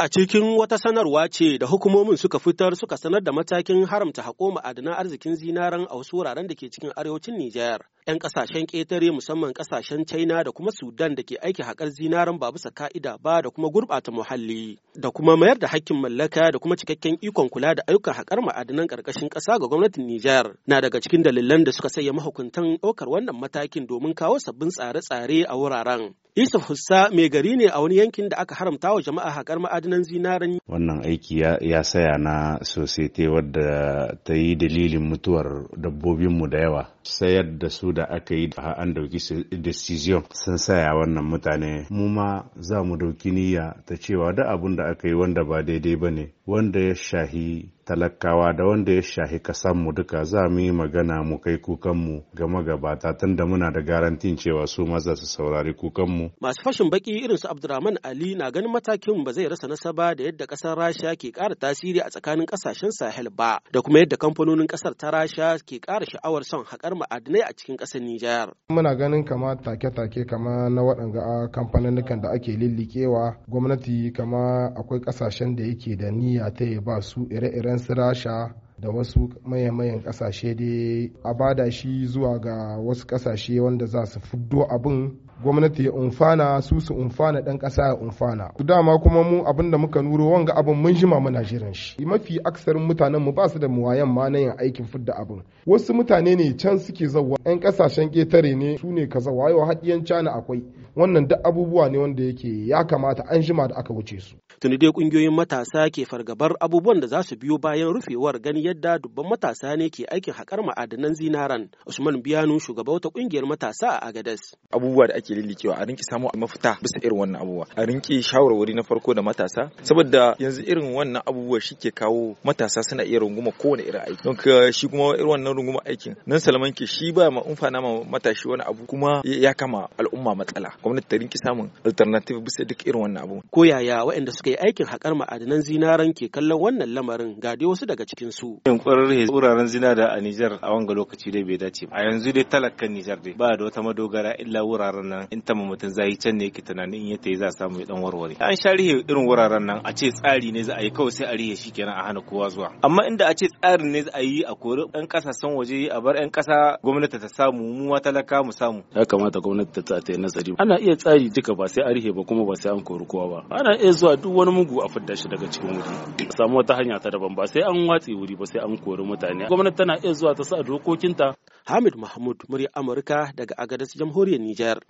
A cikin wata sanarwa ce da hukumomin suka fitar suka sanar da matakin haramta haƙo ma'adanan arzikin zinaren a wasu wuraren da ke cikin arewacin Nijar 'yan kasashen ƙetare musamman kasashen China da kuma Sudan da ke aiki haƙar zinaren ba bisa ka'ida ba da kuma gurɓata muhalli da kuma mayar da hakkin mallaka da kuma cikakken ikon kula da ayyukan haƙar ma'adanan ƙarƙashin ƙasa ga gwamnatin Nijar na daga cikin dalilan da suka sanya mahukuntan ɗaukar wannan matakin domin kawo sabbin tsare-tsare a wuraren. yusuf Hussa mai gari ne a wani yankin da aka haramta wa jama'a haƙar ma'adanan zinaren. Wannan aiki ya saya na sosai wadda ta yi dalilin mutuwar dabbobinmu da yawa sayar da su da da aka yi an dauki decision sun saya wannan mutane mu ma za mu dauki niyya ta cewa da abun da aka yi wanda ba daidai ba ne wanda ya shahi talakawa da wanda ya shahi mu duka za mu yi magana mu kai kukanmu ga gabata tun da muna da garantin cewa su ma za su saurari kukanmu. Masu fashin baki irin su Abdurrahman Ali na ganin matakin ba zai rasa nasaba da yadda kasar Rasha ke kara tasiri a tsakanin ƙasashen Sahel ba da kuma yadda kamfanonin ƙasar ta Rasha ke kara sha'awar son haƙar ma'adinai a cikin ƙasar Nijar. Muna ganin kama take-take kama na waɗanga kamfanonukan da ake lillikewa gwamnati kama akwai ƙasashen da yake da niyya duniya ta ba su ire-iren su rasha da wasu mayan-mayan kasashe dai a bada shi zuwa ga wasu kasashe wanda za su fuddo abin gwamnati ya umfana su su umfana dan kasa ya umfana su dama kuma mu abin da muka nuro wanga abin mun jima muna jiran shi mafi aksarin mutanen mu ba su da muwayan ma na yin aikin fudda abin wasu mutane ne can suke zawa yan kasashen ketare ne su ne kaza wayo hadiyan cana akwai wannan duk abubuwa ne wanda yake ya kamata an jima da aka wuce su tuni dai kungiyoyin matasa ke fargabar abubuwan da za su biyo bayan rufewar gani yadda dubban matasa ne ke aikin haƙar ma'adanan zinaran. Usman Biyanu shugaba wata ƙungiyar matasa a Agadez. Abubuwa da ake lilikewa a rinki samu mafita bisa irin wannan abubuwa. A rinki shawarwari na farko da matasa saboda yanzu irin wannan abubuwa shi ke kawo matasa suna iya runguma kowane irin aiki. Don shi kuma irin wannan runguma aikin nan Salman ke shi ba ma umfana ma matashi wani abu kuma ya kama al'umma matsala. Gwamnati ta rinki samun alternative bisa duk irin wannan abu. Ko yaya waɗanda suka yi aikin haƙar ma'adanan zinaran ke kallon wannan lamarin ga dai wasu daga cikin su. babu yunkurin wuraren da a Nijar a wanga lokaci dai bai dace ba. A yanzu dai talakan Nijar dai ba da wata madogara illa wuraren nan in ta mutum zai can ne yake tunanin in ya yi za samu ya dan warware. An sha rihe irin wuraren nan a ce tsari ne za a yi kawai sai a rihe shikenan a hana kowa zuwa. Amma inda a ce tsarin ne za a yi a kori ɗan ƙasashen waje a bar ɗan ƙasa gwamnati ta samu mu ma talaka mu samu. Ya kamata gwamnati ta ta yi nazari. Ana iya tsari duka ba sai a rihe ba kuma ba sai an kori kowa ba. Ana iya zuwa duk wani mugu a fidda shi daga cikin wuri. A samu hanya ta daban ba sai an watse wuri ba sai an kori mutane gwamnati tana iya zuwa ta sa dokokinta hamid mahmud murya amurka daga Agadez jamhuriyar nijar